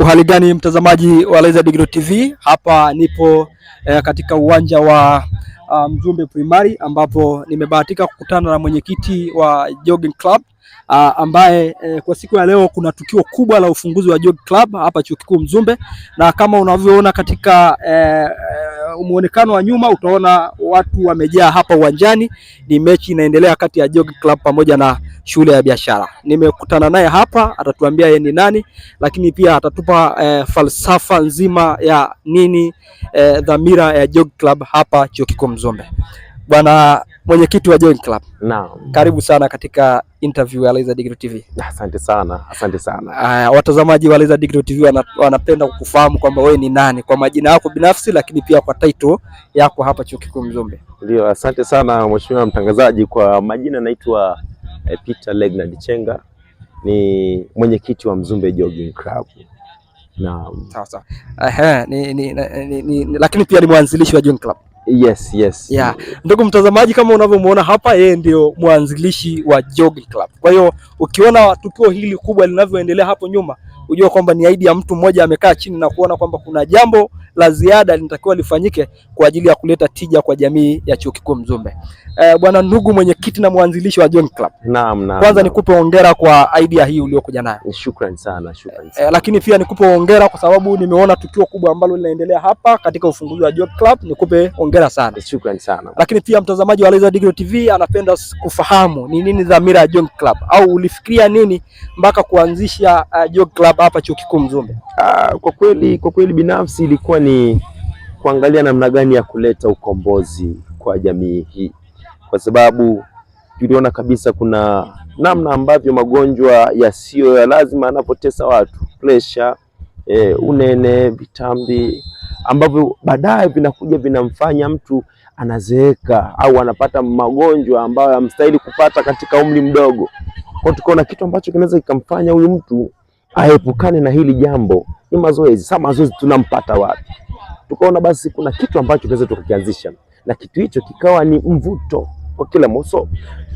Uhali gani mtazamaji wa Laizer Digital TV, hapa nipo eh, katika uwanja wa ah, mzumbe um, Primary ambapo nimebahatika kukutana na mwenyekiti wa Jogging Club uh, ambaye eh, kwa siku ya leo kuna tukio kubwa la ufunguzi wa Jogging Club hapa Chuo Kikuu Mzumbe, na kama unavyoona katika eh, muonekano wa nyuma utaona watu wamejaa hapa uwanjani. Ni mechi inaendelea kati ya Jog Club pamoja na shule ya biashara. Nimekutana naye hapa, atatuambia yeye ni nani, lakini pia atatupa eh, falsafa nzima ya nini eh, dhamira ya Jog Club hapa Chuo Kikuu Mzumbe. Bwana mwenyekiti wa Join Club. Naam. Karibu sana katika interview ya Laizer Digital TV. Asante sana, asante sana. Aya, watazamaji wa Laizer Digital TV wanapenda kukufahamu kwamba wewe ni nani kwa majina yako binafsi, lakini pia kwa title yako hapa Chuo Kikuu Mzumbe. Ndio, asante sana mheshimiwa mtangazaji. Kwa majina naitwa eh, Peter Legnard Chenga, ni mwenyekiti wa Mzumbe Jogging Club. Naam. Sawa sawa. Ehe, ni, ni, ni, ni, ni, lakini pia ni mwanzilishi wa Join Club. Yes, yes. Yeah. Ndugu mtazamaji, kama unavyomuona hapa, yeye ndio mwanzilishi wa Jogi Club. Kwa hiyo ukiona tukio hili kubwa linavyoendelea hapo nyuma, ujue kwamba ni aidi ya mtu mmoja amekaa chini na kuona kwamba kuna jambo la ziada linatakiwa lifanyike kwa ajili ya kuleta tija kwa jamii ya Chuo Kikuu Mzumbe. E, bwana ndugu mwenyekiti na mwanzilishi wa John Club. Naam, naam. Kwanza nikupe hongera kwa idea hii uliokuja nayo. Eh, shukrani sana, shukrani eh, sana. E, lakini pia nikupe hongera kwa sababu nimeona tukio kubwa ambalo linaendelea hapa katika ufunguzi wa John Club. Nikupe hongera sana. Shukrani sana. Lakini pia mtazamaji wa Laser Digital TV anapenda kufahamu ni nini dhamira ya John Club au ulifikiria nini mpaka kuanzisha uh, John Club hapa Chuo Kikuu Mzumbe? Ah, kwa kweli kwa kweli binafsi ilikuwa ni kuangalia namna gani ya kuleta ukombozi kwa jamii hii, kwa sababu tuliona kabisa kuna namna ambavyo magonjwa yasiyo ya lazima yanapotesa watu, presha E, eh, unene, vitambi ambavyo baadaye vinakuja vinamfanya mtu anazeeka au anapata magonjwa ambayo hamstahili kupata katika umri mdogo. Kwa tukaona kitu ambacho kinaweza kikamfanya huyu mtu aepukane na hili jambo. Ni mazoezi. Sasa mazoezi tunampata wapi? Tukaona basi kuna kitu ambacho tunaweza tukakianzisha, na kitu hicho kikawa ni mvuto kwa kila moso.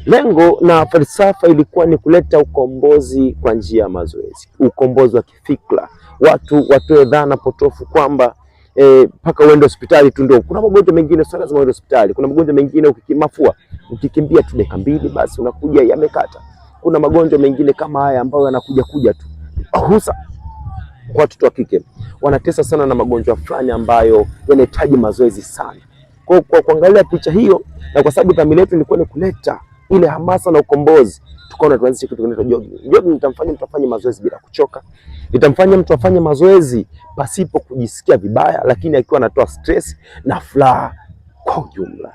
Lengo na falsafa ilikuwa ni kuleta ukombozi kwa njia ya mazoezi, ukombozi wa kifikra. Watu watoe dhana potofu kwamba eh, mpaka eh, uende hospitali tu ndio. Kuna magonjwa mengine sio lazima uende hospitali. Kuna magonjwa mengine ukikimafua, ukikimbia tu dakika mbili basi unakuja yamekata. Kuna magonjwa mengine kama haya ambayo yanakuja kuja tu Bahusa kwa watoto wa kike wanatesa sana na magonjwa fulani ambayo yanahitaji mazoezi sana. Kwa kwa kuangalia picha hiyo na kwa sababu dhamira yetu ilikuwa ni kuleta ile hamasa na ukombozi, tukaona tuanzishe kitu kinaitwa jogging. Jogging nitamfanya mtu afanye mazoezi bila kuchoka, nitamfanya mtu afanye mazoezi pasipo kujisikia vibaya, lakini akiwa anatoa stress na furaha kwa ujumla.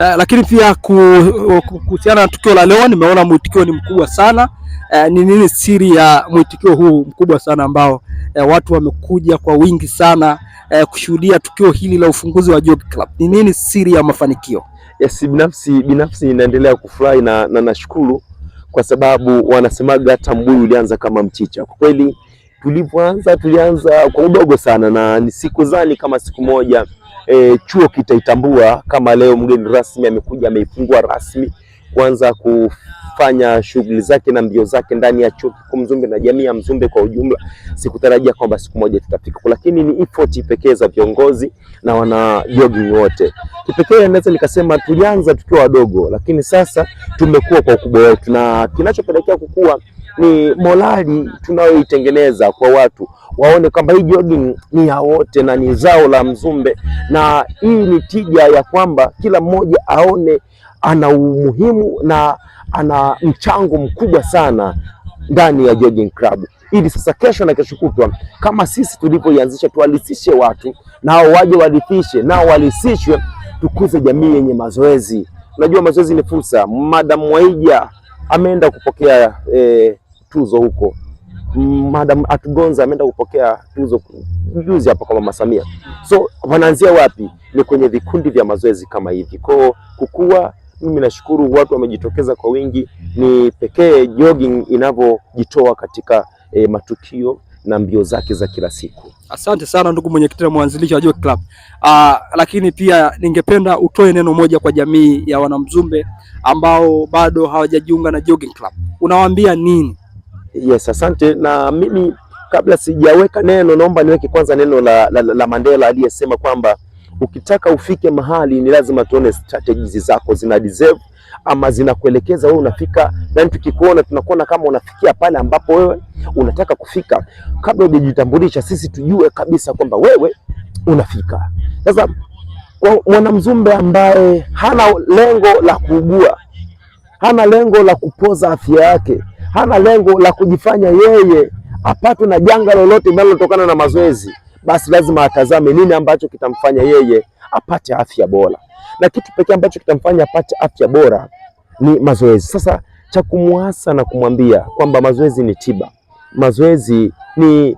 Uh, lakini pia kuhusiana na tukio la leo, nimeona mwitikio ni mkubwa sana eh, ni nini siri ya mwitikio huu mkubwa sana ambao eh, watu wamekuja kwa wingi sana eh, kushuhudia tukio hili la ufunguzi wa Jockey Club? Ni nini siri ya mafanikio? Yes, binafsi binafsi inaendelea kufurahi na, na nashukuru kwa sababu wanasemaga hata mbuyu ulianza kama mchicha. Kwa kweli tulipoanza tulianza kwa udogo sana, na ni siku zani kama siku moja e, chuo kitaitambua kama leo. Mgeni rasmi amekuja ameifungua rasmi kuanza kufanya shughuli zake na mbio zake ndani ya chuo kikuu Mzumbe na jamii ya Mzumbe kwa ujumla. Sikutarajia kwamba siku moja tutafika, lakini ni effort pekee za viongozi na wanajogi wote. Kipekee naweza nikasema tulianza tukiwa wadogo, lakini sasa tumekuwa kwa ukubwa wetu, na kinachopelekea kukua ni morali tunayoitengeneza kwa watu waone kwamba hii jogging ni ya wote na ni zao la Mzumbe, na hii ni tija ya kwamba kila mmoja aone ana umuhimu na ana mchango mkubwa sana ndani ya jogging club, ili sasa kesho na kesho kutwa kama sisi tulivyoianzisha, tuwalisishe watu nao waje walifishe nao walisishwe, tukuze jamii yenye mazoezi. Unajua mazoezi ni fursa. Madam Mwaija ameenda kupokea e, tuzo huko. Madam Atugonza ameenda kupokea tuzo juzi hapa kwa Mama Samia. So wanaanzia wapi? Ni kwenye vikundi vya mazoezi kama hivi, kwao kukua mimi nashukuru watu wamejitokeza kwa wingi. Ni pekee jogging inavyojitoa katika e, matukio na mbio zake za kila siku. Asante sana ndugu mwenyekiti na mwanzilishi wa Jockey Club. Aa, ah, lakini pia ningependa utoe neno moja kwa jamii ya wanamzumbe ambao bado hawajajiunga na Jogging Club, unawaambia nini? Yes, asante. Na mimi kabla sijaweka neno, naomba niweke kwanza neno la, la, la Mandela aliyesema kwamba Ukitaka ufike mahali ni lazima tuone strategies zako zina deserve ama zinakuelekeza wewe unafika, yani tukikuona tunakuona kama unafikia pale ambapo wewe unataka kufika. Kabla hujajitambulisha, sisi tujue kabisa kwamba wewe unafika. Sasa mwanamzumbe ambaye hana lengo la kuugua, hana lengo la kupoza afya yake, hana lengo la kujifanya yeye apatwe na janga lolote linalotokana na mazoezi basi lazima atazame nini ambacho kitamfanya yeye apate afya bora, na kitu pekee ambacho kitamfanya apate afya bora ni mazoezi. Sasa cha kumwasa na kumwambia kwamba mazoezi ni tiba, mazoezi ni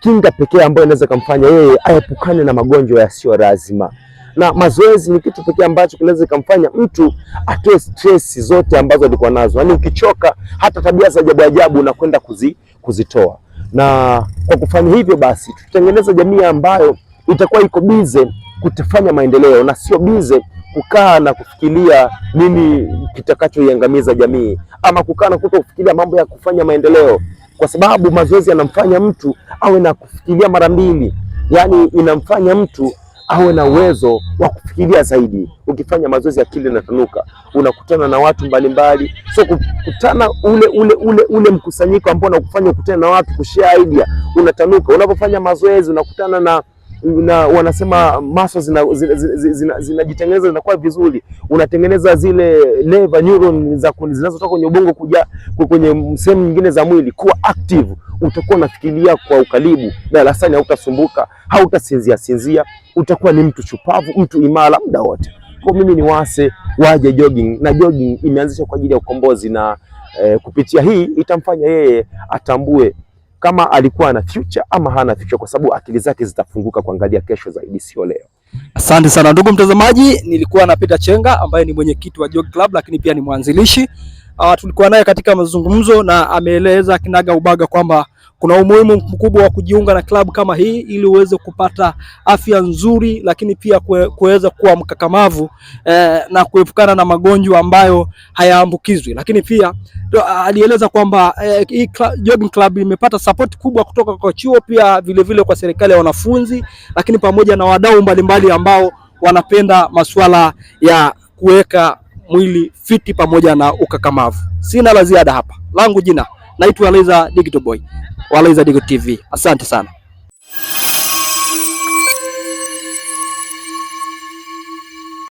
kinga pekee ambayo inaweza kumfanya yeye aepukane na magonjwa yasiyo lazima, na mazoezi ni kitu pekee ambacho kinaweza kumfanya mtu atoe stress zote ambazo alikuwa nazo, yaani ukichoka hata tabia za ajabu ajabu unakwenda kuzi, kuzitoa na kwa kufanya hivyo basi tutengeneza jamii ambayo itakuwa iko bize kutafanya maendeleo na sio bize kukaa na kufikiria nini kitakachoiangamiza jamii ama kukaa na kuto kufikiria mambo ya kufanya maendeleo, kwa sababu mazoezi yanamfanya mtu awe na kufikiria mara mbili, yaani inamfanya mtu awe na uwezo wa kufikiria zaidi. Ukifanya mazoezi, akili inatanuka, unakutana na watu mbalimbali, so kukutana ule ule ule ule mkusanyiko ambao unakufanya ukutane na watu, kushare idea, unatanuka. Unapofanya mazoezi, unakutana na na wanasema maso zinajitengeneza zina, zina, zina zinakuwa vizuri, unatengeneza zile leva neuron zinazotoka kwenye ubongo kuja kwenye sehemu nyingine za mwili kuwa active utakuwa unafikiria kwa ukaribu darasani, hautasumbuka, hautasinzia sinzia, utakuwa ni mtu shupavu, mtu imara muda wote. Kwa mimi ni wase waje jogging, na jogging imeanzishwa kwa ajili ya ukombozi na eh, kupitia hii itamfanya yeye atambue kama alikuwa ana future ama hana future, kwa sababu akili zake zitafunguka kuangalia kesho zaidi, sio leo. Asante sana ndugu mtazamaji, nilikuwa na Peter Chenga ambaye ni mwenyekiti wa Jog Club, lakini pia ni mwanzilishi uh, tulikuwa naye katika mazungumzo na ameeleza kinaga ubaga kwamba kuna umuhimu mkubwa wa kujiunga na klabu kama hii ili uweze kupata afya nzuri, lakini pia kuweza kuwa mkakamavu eh, na kuepukana na magonjwa ambayo hayaambukizwi. Lakini pia alieleza kwamba eh, jogging club imepata support kubwa kutoka kwa chuo, pia vilevile vile kwa serikali ya wanafunzi, lakini pamoja na wadau mbalimbali ambao wanapenda masuala ya kuweka mwili fiti pamoja na ukakamavu. Sina la ziada hapa, langu jina naitwa Laizer Digital Boy wa Laizer Digital TV. Asante sana.